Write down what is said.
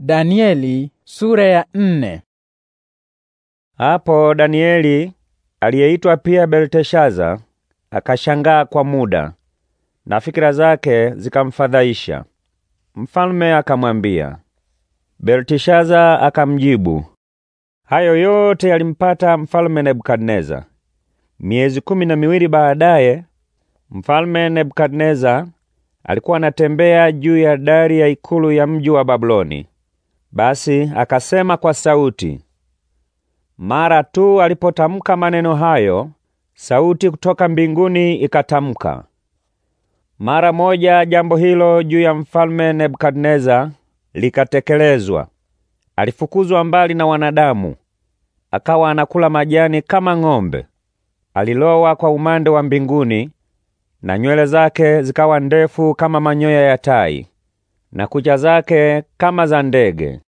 Danieli sura ya nne. Hapo Danieli aliyeitwa pia Belteshaza akashangaa kwa muda na fikira zake zikamfadhaisha. Mfalme akamwambia. Belteshaza akamjibu, hayo yote yalimpata mfalme Nebukadneza. Miezi kumi na miwili baadaye mfalme Nebukadneza alikuwa anatembea juu ya dari ya ikulu ya mji wa babuloni basi akasema kwa sauti. Mara tu alipotamka maneno hayo, sauti kutoka mbinguni ikatamka. Mara moja jambo hilo juu ya mfalme Nebukadneza likatekelezwa. Alifukuzwa mbali na wanadamu, akawa anakula majani kama ng'ombe. Alilowa kwa umande wa mbinguni, na nywele zake zikawa ndefu kama manyoya ya tai na kucha zake kama za ndege.